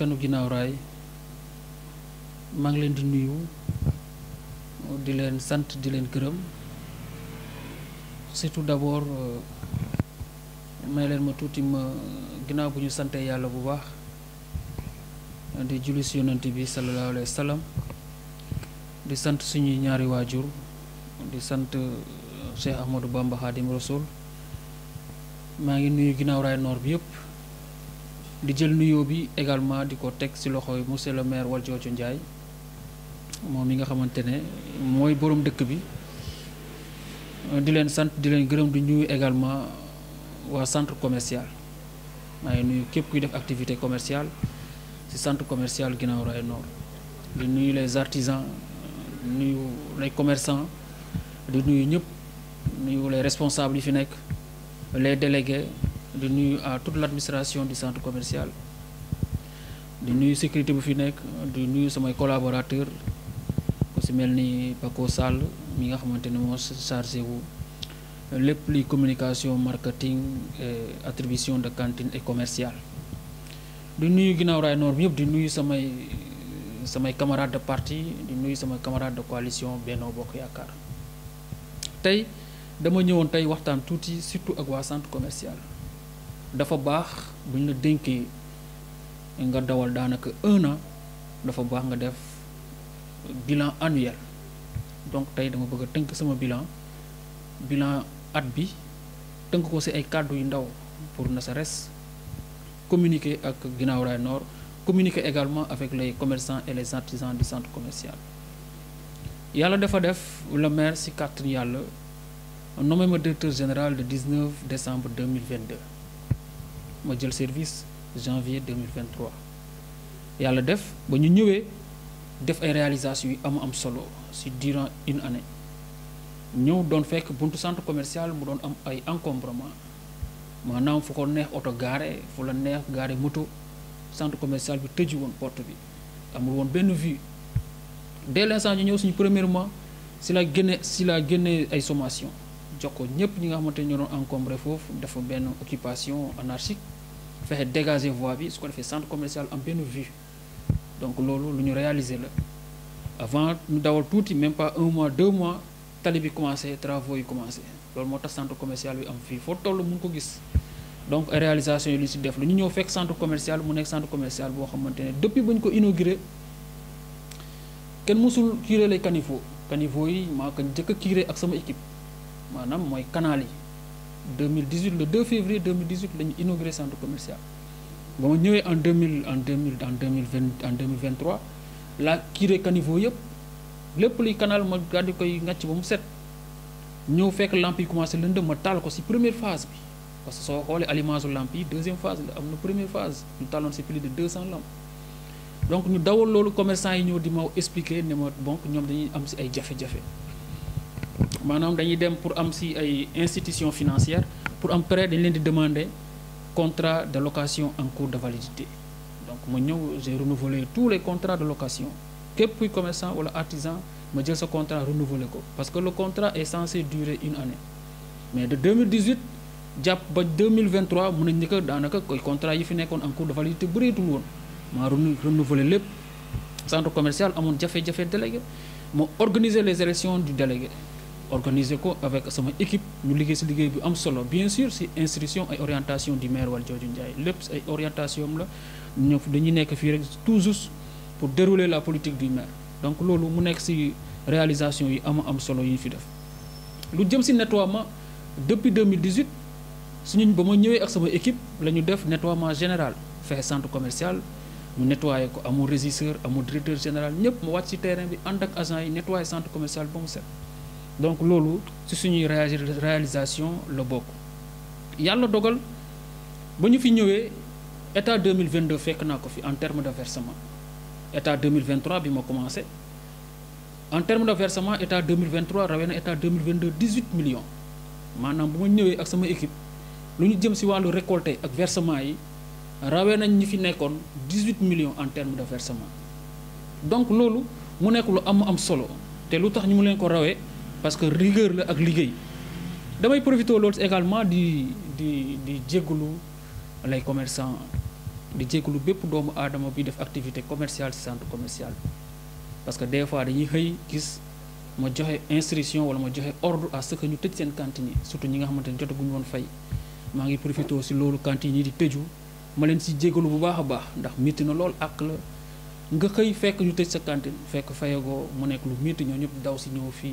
askanu ginnaaw raay maa ngi leen di nuyu di leen sant di leen gërëm surtout d'abord euh, may leen ma tuuti ma ginnaaw bu ñu sante yàlla bu baax di julli si bi sallallahu alayhi wa di sant suñuy ñaari waajur di sant euh, Cheikh Ahmadou Bamba Khadim maa ngi nuyu ginnaaw raay noor bi yëpp di jël nuyoo bi également di ko teg ci loxoy monsieur le maire Waljojo Ndiaye moom mi nga xamante ne mooy boroom dëkk bi di leen sant di leen gërëm di nuyu également waa centre commercial maa nuyu képp kuy def activité commerciale ci centre commercial Guinaw Rails Nord di nuyu les artisans nuyu les commerçants di nuyu ñëpp nuyu les responsables yi fi nekk les délégués de nuyu à toute l'administration du centre commercial de nuyu sécurité bu fi nekk di nuyu samay collaborateurs, ku si Paco Sall mi nga xamante ne chargé wu lépp communication marketing et attribution de cantine et commercial di nuyu ginnaaw raay Nord de yëpp di nuyu samay samay camarades de parti di nuyu samay camarades de coalition Benno Bokk Yaakaar tey dama demain nous on tuuti surtout ak waa centre commercial dafa baax buñ la dénkee nga dawal daanaka un an dafa baax nga def bilan annuel donc tey dama bëgg a tënk sama bilan bilan at bi tënk ko ci ay kàddu yu ndaw pour na sa res communiquer ak Guinaw Nord communiquer également avec les commerçants et les artisans du centre commercial yàlla dafa def le maire ci kàttan yàlla nommé ma directeur général le 19 décembre 2022 ma jël service janvier 2023 yàlla def ba ñu ñëwee def ay réalisations yu am am solo si durant une année ñëw doon fekk buntu centre commercial mu doon am ay encombrement maanaam fu ko neex oto gaare fu la neex moto centre commercial bi tëju woon porte bi amul woon benn vue dès l'instant ñu ñëw suñu premier si la génne si la génne ay sommation jox ko ñi nga xamante ñoo doon encombré foofu dafa occupation anarchique fexe dégager voie bi su ko fait centre commercial en bien vue donc loolu lu ñu réaliser la avant ñu dawal tuuti même pas un mois deux mois talibi commencé travaux yi commencé loolu moo tax centre commercial bi am faut tout le monde ko gis donc réalisation yi lu ñu si def lu ñu centre commercial mu nekk centre commercial boo xamante depuis ba ko inauguré quel musul qui les caniveaux caniveaux yi maa ko njëkk a curé ak sama équipe manam moy canal yi 2018 le 2 février 2018 la ñu inauguré centre commercial ba ñëwé en 2000 en 2000 en 2020 en 2023 la kiré caniveau yépp lépp li canal mo daal koy ngatch bu mu set ñëw fekk lamp yi commencé lëndëm ma tal ko ci première phase bi parce que so xolé alimentation su yi deuxième phase la première phase ñu taloon ci plus de 200 lampes donc ñu dawal lolu commerçant yi ñëw di ma expliquer ne ma bon ñom dañuy am ci ay jafé jafé je suis dem pour am institutions financières pour am prêt dañ demander contrat de location en cours de validité donc j'ai renouvelé tous les contrats de location que puis commerçant ou artisan ma jël ce contrat renouvelé parce que le contrat est censé durer une année mais de 2018 jàpp 2023 mën nañ que contrat yi en cours de validité bëreetul woon ma renouvelé centre commercial j'ai fait des délégué ma organiser les élections du délégué organisé ko avec sama équipe ñu liggé ci liggéey bu am solo bien sûr ci instruction et orientation du maire Valdiodio Ndiaye lépp ay orientation la ñu dañuy nekk fi rek toujours pour dérouler la politique du maire donc lolu mu nekk ci réalisation yi ama am solo yi ñu fi def lu jëm ci depuis 2018 suñu ba ma ñëwee ak sama équipe lañu def général fait centre commercial mu nettoyé ko amu régisseur mon directeur général ñëpp mu wacc ci terrain bi ànd ak agent yi nettoyé centre commercial ba mu donc lolo, ci suñuy réalisation le bokk yalla dogal ba fi ñëwé état 2022 fekk na ko fi en termes de versement état 2023 bi commencé en termes de versement état 2023 rawee na état 2022 18 millions manam bu ma ñëwee ak sama équipe luñu jëm ci récolté ak versement yi rawee nañ ñi fi 18 millions en termes de versement donc lolo, mu nekk lu am am solo té lutax ñu mu leen ko parce que rigueur la ak liguey damay profiter lolu également di di di jéggalu lay commerçants, di jéggalu bépp doomu adama bi def activité commerciale ci centre commercial parce que des fois dañuy xey gis ma joxe instruction wala ma joxe ordre à ce que ñu tëj sen cantine surtout ñi nga xamante ne jotaguñu woon fay maa ngi profité si loolu cantine di tëju ma len ci jégalu bu baaxa baax ndax métti na lool ak la nga xey fekk ñu tëj sa cantine fekk fayagoo mu nek lu métti ñoo ñep daw ci ñoo fi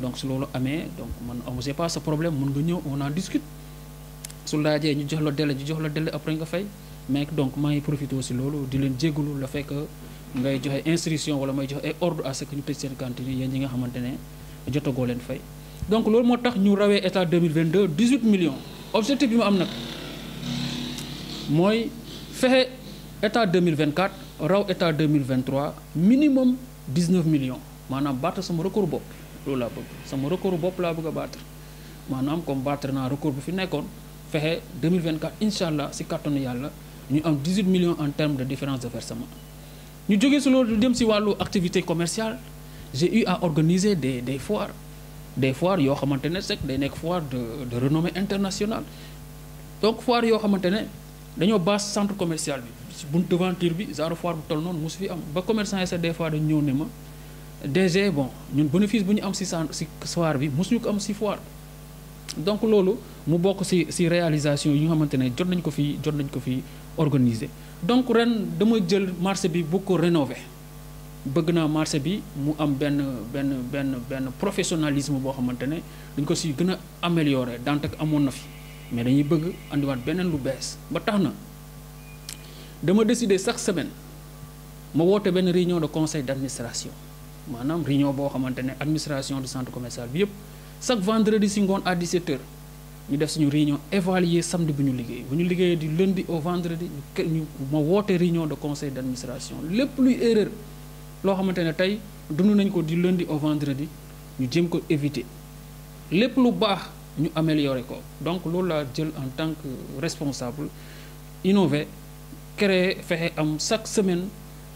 donc su loolu donc donc ne sait pas ce problème mun nga ñëw on en discute su laajee ñu jox le délai du jox le délai après nga fay mais donc moi ngi profité aussi loolu di leen jégalu le fait que ngay joxe instruction wala may joxe ordre à ce que ñu y a cantine yéen ñi nga xamante ne jotagoo leen fay. donc loolu moo tax ñu rawee état 2022 18 millions objectif bi mu am nag mooy fexe état 2024 raw état 2023 minimum 19 millions maanaam baata sama record bopp loolu bobu bëgg sama record bopp laa bëgg battre maanaam comme battre na record bu fi nekkoon fexé 2024 inshallah ci carton yalla ñu am 18 millions en termes de différence de versement. ñu joggé si loolu dem ci walu activité commerciale j'ai eu à organiser des des foires des foires yo xamantene ne c'est day nekk foire de de renommée internationale donc foire yo xamantene ne dañoo base centre commercial bi buntu devanture bi genre foire bu toll non musu fi am ba commerçant essa des fois de ñëw ne ma. DG bon ñun bénéfice bu ñu am ci si soir bi mosuñu ko am ci foire donc loolu mu bokk ci ci réalisation yi nga xamante ne jot nañ ko fi jot nañ ko fi organiser donc ren dama jël marché bi bu ko rénover bëgg naa marché bi mu am benn benn benn benn professionnalisme boo xamante ne dañ ko ci gën a améliorer dantak amoon na fi mais dañuy bëgg indiwaat beneen lu bees ba tax na dama décider chaque semaine ma woote benn réunion de conseil d'administration Maintenant, réunion bo xamantene administration du centre commercial bi chaque vendredi à 17h nous avons une réunion évaluer samedi bu ñu liggéey bu du lundi au vendredi ñu ma une réunion de conseil d'administration. lepp plus luy erreur lo xamantene tay dunu du lundi au vendredi Nous jëm ko éviter plus lu baax ñu améliorer ko donc nous, la jël en tant que responsable innover créer am chaque semaine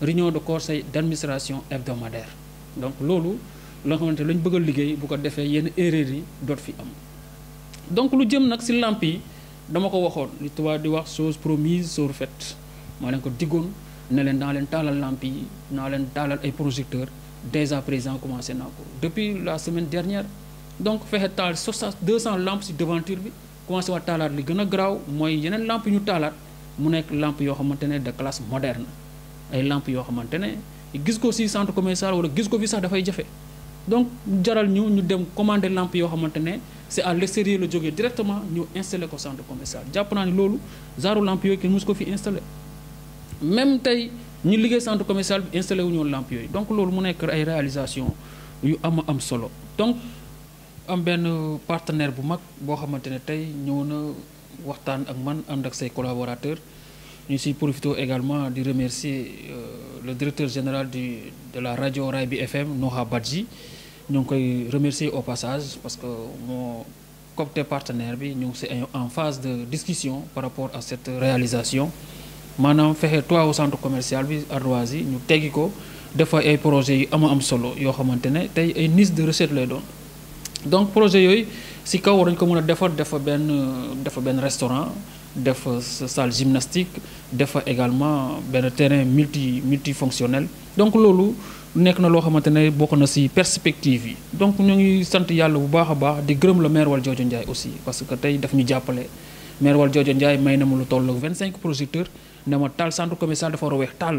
réunion de conseil d'administration hebdomadaire donc loolu loo xamante ne lañ bëgg liggéey bu ko defee yenn erreur yi doot fi am donc lu jëm nag si làmp yi dama ko waxoon li tubaab di wax chose promise chose faite maa leen ko diggoon ne leen naa leen taalal làmp yi naa leen taalal ay projecteurs dès à présent commencé naa ko depuis la semaine dernière donc fexe taal deux 200 lampes si devanture bi commencé waa taalaat li gën a garaaw mooy yeneen làmp yu ñu taalaat mu nekk lampe yoo xamante ne de classe moderne ay lampes yoo xamante ne gis ko si centre commercial wala gis ko fi sax fay jafé donc jaral ñu ñu dem commander lampe yo xamantene C'est à l' extérieur la directement ñu installer ko centre commercial japp na ni lolu zaaru lampe yo ki mos ko fi installer même tay ñu liggé centre commercial installer wu ñu lampe yo donc lolu mu nekk ay réalisation yu am am solo donc am ben partenaire bu mag bo xamantene tay tey ñëw na waxtaan ak man ànd ak say collaborateurs nous siy profitons également de remercier euh, le directeur général du de la radio Raibi FM Noha Badji Nous remercions remercier au passage parce que mon copte partenaire nous sommes en phase de discussion par rapport à cette réalisation Maintenant, faire toi au centre commercial bi ardoise nous ñu des fois dafa ay projets yu am solo yoo xamante une liste de recettes. lay le donc projet yooyu si nous avons ko a restaurant des salle gymnastique des également benn terrain multi multifonctionnel donc lolo, nek na lo xamantene ne bokk na ci perspective yi donc ñu ngi sant yalla bu baax a baax di gërëm le maire Valdiodio Ndiaye aussi parce que tay daf ñu jappalé maire Valdiodio Ndiaye may na ma lu tollu 25 projecteurs na ma centre commercial de war a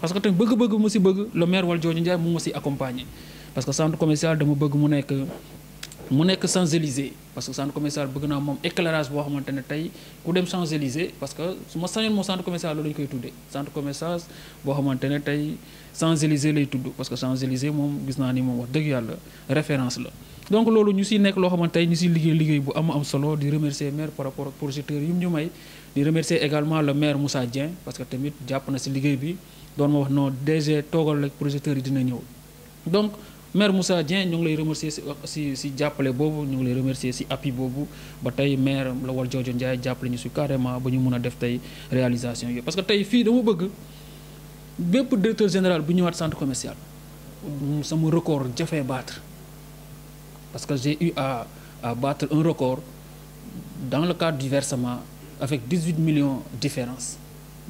parce que tamit bëgg-bëgg mu ci le maire Valdiodio Ndiaye mu ma ci accompagner parce que centre commercial dama bëgg mu nek mu nekk sans élysée parce que centre commercial bëgg naa moom éclairage boo xamante ne tey ku dem sans élysée parce que su ma sañoon moom centre commercial loolu la ñu koy tuddee centre commercial boo xamante ne tey champs lay tudd parce que sans élysée moom gis naa ni moom wax dëgg yàlla référence la. donc loolu ñu si nekk loo xamante ne ñu si liggéey liggéey bu am am solo di remercier maire par rapport ak projecteurs yu ñu may di remercier également le maire Moussa dien parce que tamit jàpp na si liggéey bi doon ma wax non DG toogal rek projecteurs yi dina ñëw donc. Mère Moussa Dieng ñu ngi lay remercier si si si Bobu, ñu ngi lay remercier si appui Bobu, ba tay maire la war Jojo Ndiaye jàppale ñu si carrément ba ñu def réalisation parce que tay fi dama bëgg le directeur général bu ñëwaat centre commercial sama record jafé battre parce que j'ai eu à à battre un record dans le cadre du versement avec 18 millions de différence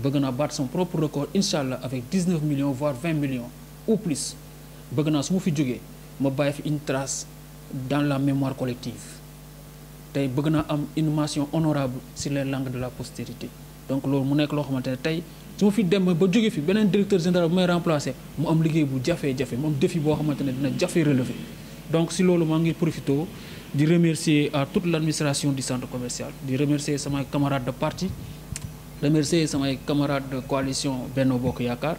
bëgg na battre son propre record inshallah avec 19 millions voire 20 millions ou plus bëgg naa su ma fi vais une trace dans la mémoire collective Je bëgg une mention honorable sur les langues de la postérité donc je mu que loo xamante ne tey su Je fi dem ba jóge fi beneen directeur général bu may remplacer mu am liggéey bu je jafe mu défi boo xamante ne dina jafe relever donc si loolu maa ngi profito di remercier à toute l'administration du centre commercial di remercier mes camarades de parti je remercie mes camarades de coalition Beno et Yakar,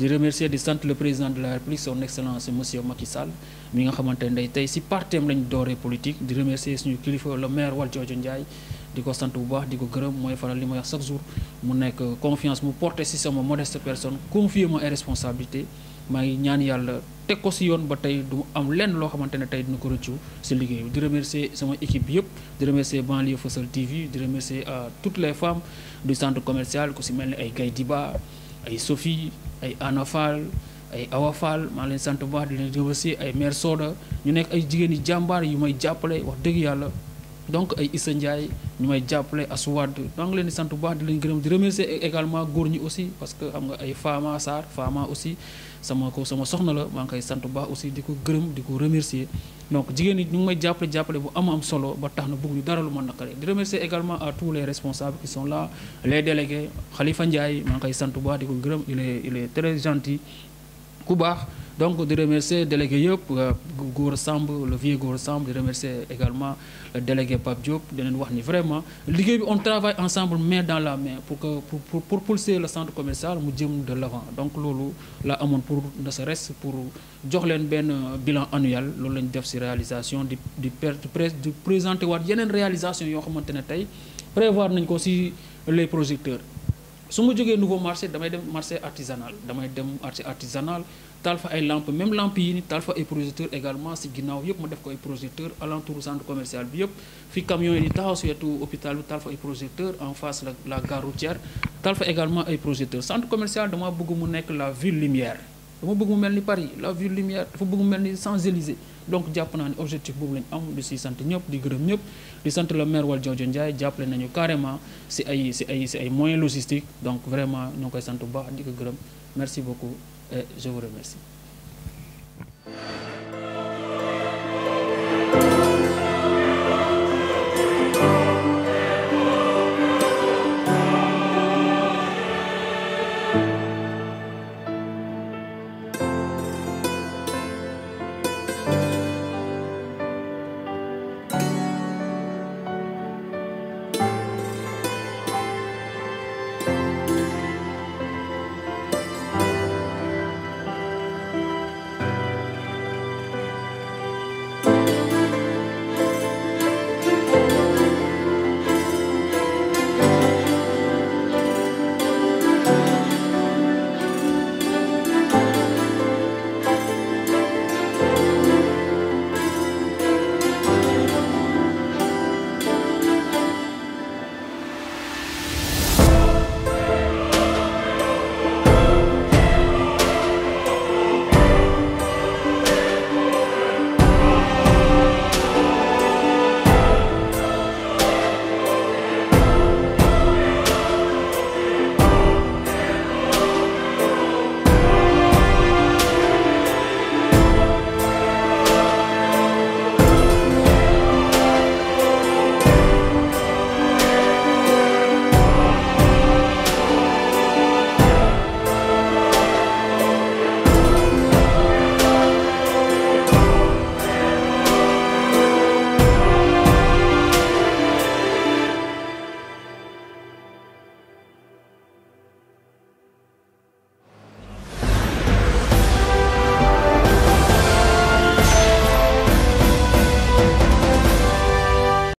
de remercier de le président de la République son excellence monsieur Macky Sall mi nga xamantene ne day tey si lañ politique di remercier suñu kilifa le maire Walter Ndiaye di ko sant bu baax diko ko moy li wax chaque jour mu nek confiance mu porter si sama modeste personne confier mo responsabilité ma ngi ñaan teg ko si yoon ba tey du am lenn loo xamante ne tey dina ko rëccu si liggéey bi di remercier sama équipe yëpp di remercier Banlieue Fësal TV di remercier euh, toutes les femmes du sant commercial ku si mel ni ay Gaye Diba ay Sophie ay Anna ay Awa Fall maa leen sant bu baax di leen si ay maire Soda ñu nekk ay jigéen yi jàmbaar yu may jàppale wax dëgg yàlla donc ay Issa Ndiaye ñu may jappalé Aswad donc ngi leen di sant bu baax di leen gërëm di remercier également góor ñi aussi parce que xam nga ay Fama sar Fama aussi sama ko sama soxna la maa ngi koy sant bu baax aussi di ko gërëm di ko remercier donc jigéen ñi ñu may jappalé jappalé bu am am solo ba tax na ñu dara lu ma di remercier également à tous les responsables qui sont là les délégués Khalifa Ndiaye maa ngi koy sant bu baax di ko gërëm il est il est très gentil ku baax donc, de remercier le délégué Yop, euh, le vieux Goursamb, de remercier également le délégué Pape Diop, de nous voir vraiment. On travaille ensemble, main dans la main, pour, que, pour, pour, pour pousser le centre commercial, nous de l'avant. Donc, lolo, là, pour, ne serait-ce pour faire Ben bilan annuel, lolo, nous devons réalisation du, du, de présenter, il y a une réalisation, il y a prévoir aussi ko ci les projecteurs su ma un nouveau marché damay dem marché artisanal damay dem marché artisanal taal ay lampe même lampe yi ni taal ay projecteur également si ginnaaw yëpp ma def ko ay projecteur alentour centre commercial bi yëpp fi camion yi di taxaw surtout hôpital bi taal ay projecteur en face la la gare routière taal également ay projecteur centre commercial dama bëgg mu nekk la ville lumière dama bëgg mu melni Paris la ville lumière dafa bëgg mu melni ni Champs-Élysées donc japp naa ni objectif boobu la ñu am di si sant ñëpp di gërëm ñëpp di sant le maire Valdiodio Ndiaye jàppale nañu carrément si ay si ay si ay moyens logistiques donc vraiment ñoo ngi koy sant bu baax di ko gërëm merci beaucoup je vous remercie.